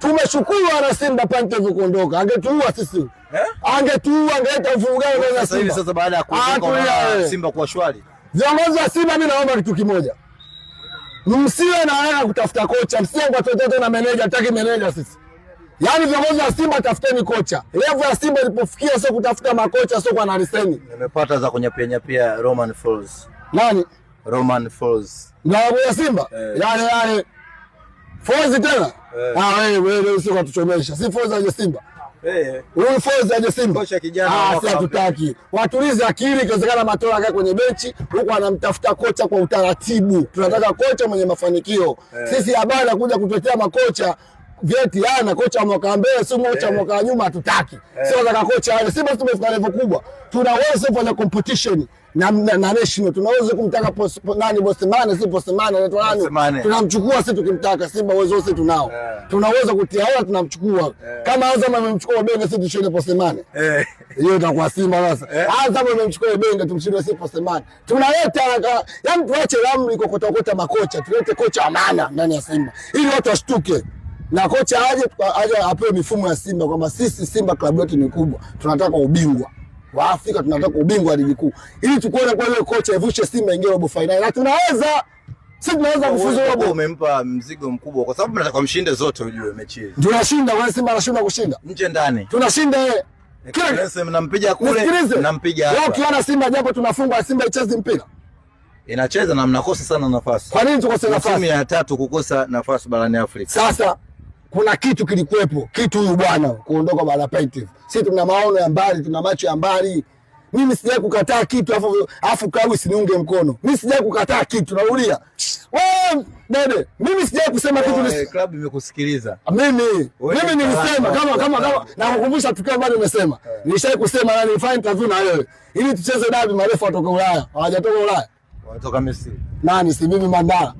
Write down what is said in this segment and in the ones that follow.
Tumeshukuru ana Simba Pantev kuondoka. Angetuua sisi. Eh? Angetuua, angeleta uvurugano na Simba. Sasa hivi sasa baada ya kuondoka eh. Simba kwa shwari. Viongozi wa Simba mimi naomba kitu kimoja. Msiwe na haya kutafuta kocha, msiwe kwa totote na meneja, hataki meneja sisi. Yaani viongozi wa Simba tafuteni kocha. Levu ya Simba ilipofikia sio kutafuta makocha, sio kwa naliseni. Nimepata za kunyapia pia Roman Falls. Nani? Roman Falls. Ndio ya Simba. Eh. Yale yaani, yale yaani, Fozi tena? Eh. Ah, wewe wewe usio kutuchomesha. Si Fozi aje Simba. Eh. Huyu Fozi aje Simba. Kocha kijana. Ah, si hatutaki. Watulize akili, ikiwezekana Matola akae kwenye benchi, huko anamtafuta kocha kwa utaratibu. Tunataka kocha mwenye mafanikio. Eh. Sisi habari ya kuja kutetea makocha vyeti ana kocha mwaka mbele, sio kocha wa mwaka eh. nyuma, hatutaki. Sio nataka kocha. Simba tumefika level kubwa. Tuna uwezo kwenye competition na na na heshima tunaweza kumtaka post, po, nani Bosemane, si Bosemane na nani, tunamchukua sisi tukimtaka. Simba uwezo wote tunao, yeah. tunaweza kutia hela tunamchukua, yeah. kama Azam amemchukua Benga, sisi tushinde Bosemane, eh. hiyo itakuwa Simba sasa. Eh. Azam amemchukua Benga, tumshinde sisi Bosemane, tunaleta haraka yani, tuache ramli kwa kutokota makocha, tulete kocha wa maana ndani ya Simba ili watu washtuke na kocha aje aje apewe mifumo ya Simba kwamba sisi Simba klabu yetu ni kubwa, tunataka ubingwa wa Afrika tunataka ubingwa wa ligi kuu. Ili tukuone kwa yule kocha evushe Simba ingie robo finali. Na tunaweza. Sisi tunaweza kufuzu robo. Umempa mzigo mkubwa kwa sababu mnataka mshinde zote ujue mechi hizi. Tunashinda kwa Simba anashinda kushinda. Nje ndani. Tunashinda yeye. Eh. Kile mnampiga kule, mnampiga hapa. Leo tunaona Simba japo tunafungwa Simba icheze mpira. Inacheza na mnakosa sana nafasi. Kwa nini tukose nafasi? Timu ya tatu kukosa nafasi barani Afrika. Sasa kuna kitu kilikuwepo, kitu huyu bwana kuondoka bwana Pentive. Sisi tuna maono ya mbali, tuna macho ya mbali. Mimi sija kukataa kitu afu afu kawi siniunge mkono. Mimi sija kukataa kitu, naulia wewe dede, mimi sija kusema kitu ni klabu imekusikiliza mimi. Mimi nilisema kama kama kama na kukumbusha tukio bado nimesema, eh. nilishai kusema na nilifanya interview na wewe ili tucheze dabi, marefu atoka Ulaya hawajatoka Ulaya Watoka Misri. Nani si mimi Mandala.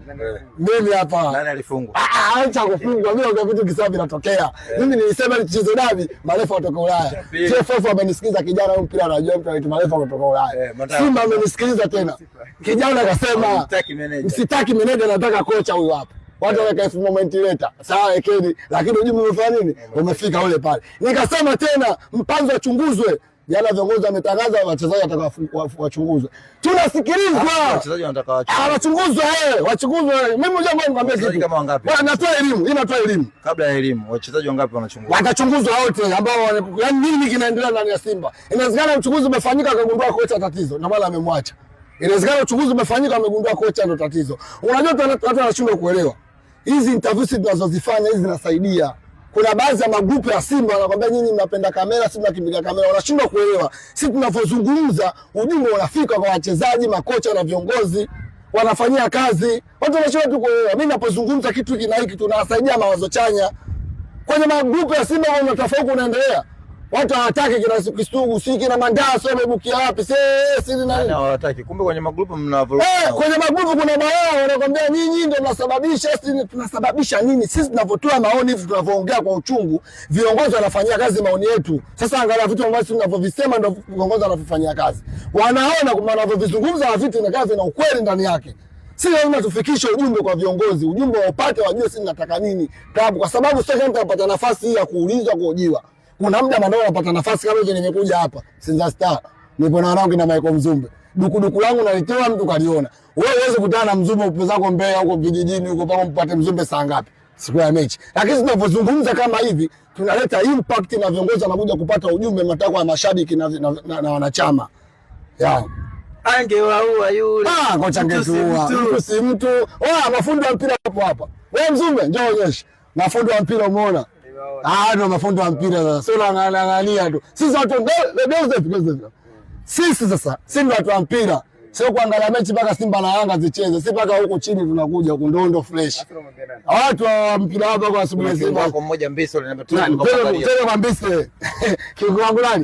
Mimi hapa. Nani alifungwa? Ah, ah acha kufungwa. Mimi ndio vitu kisafi natokea. Eh. Mimi nilisema nicheze dabi, marefu kutoka Ulaya. TFF amenisikiliza kijana huyu mpira anajua mtu anaitwa marefu kutoka Ulaya. Eh, Simba amenisikiliza tena. Kijana akasema msitaki meneja, nataka kocha huyu hapa. Watu eh. waweka elfu moment leta. Sawa ekeni, lakini unajua mmefanya nini? Umefika ule pale. Nikasema tena mpanzo achunguzwe. Jana viongozi wametangaza wachezaji watakawachunguzwa. Tunasikilizwa. Ah, wachezaji wanataka wachunguzwe. Ah, wachunguzwe eh, wachunguzwe. Mimi mmoja wangu nikwambia kitu. Kama wangapi? Bwana natoa elimu, hii natoa elimu. Kabla ya elimu, wachezaji wangapi wanachunguzwa? Watachunguzwa wote ambao yaani nini kinaendelea ndani ya Simba. Inawezekana uchunguzi umefanyika akagundua kocha tatizo na wala amemwacha. Inawezekana uchunguzi umefanyika amegundua kocha ndio tatizo. Unajua watu wanashindwa kuelewa. Hizi interviews tunazozifanya hizi zinasaidia kuna baadhi ya magrupu ya Simba wanakwambia nyinyi mnapenda kamera, si mnakimbilia kamera. Wanashindwa kuelewa si tunavyozungumza, ujumbe unafika kwa wachezaji, makocha na viongozi, wanafanyia kazi. Watu wanashindwa tu kuelewa. Mimi napozungumza kitu hiki hiki, tunawasaidia mawazo chanya. Kwenye magrupu ya Simba kuna tofauti unaendelea watu hawataki kina Kisugu, si kina Mandaa, Mandaso wamebukia wapi? Yaani hawataki. Kumbe kwenye magrupu mna vurugu Eh, kwenye magrupu kuna balaa, wanakuambia nyinyi ndio mnasababisha. Sisi tunasababisha nini? Sisi Tunavotoa maoni hivi, tunavoongea kwa uchungu, viongozi wanafanyia kazi maoni yetu. Sasa angalia vitu ambavyo sisi tunavovisema ndio viongozi wanavyofanyia kazi, wanaona wanavyovizungumza na vitu na kazi na ukweli ndani yake. Si lazima tufikishe ujumbe kwa viongozi, ujumbe waupate, wajue sisi tunataka nini, kwa sababu sio kila mtu anapata nafasi hii ya kuulizwa, kuhojiwa kuna muda Mandola anapata nafasi kama hiyo. Nimekuja hapa Sinza Star, nipo na wanangu na Michael Mzumbe, dukuduku langu nalitoa mtu kaliona. Wewe uweze kutana na Mzumbe upeza zako Mbeya huko vijijini huko mpaka mpate Mzumbe saa ngapi siku ya mechi? Lakini tunapozungumza kama hivi tunaleta impact na viongozi wanakuja kupata ujumbe matakwa ya mashabiki na, na, na, na wanachama ya Angewaua yule. Ah, kocha angetuua. Mtu si mtu. Wao mafundi wa mpira hapo hapa. Wewe Mzumbe njoo onyeshe mafundi wa mpira umeona? Ah, ndo mafundi wa mpira sasa. Sio naangalia tu. Sisi watu sisi sasa, sisi ndo watu wa mpira. Sio kuangalia mechi mpaka Simba na Yanga zicheze. Si mpaka huko chini tunakuja huko ndo fresh. Watu wa mpira hapa kwa sababu lazima. Kwa mmoja mbisi ndio tunataka. Tena kwa mbisi. Kiwango gani?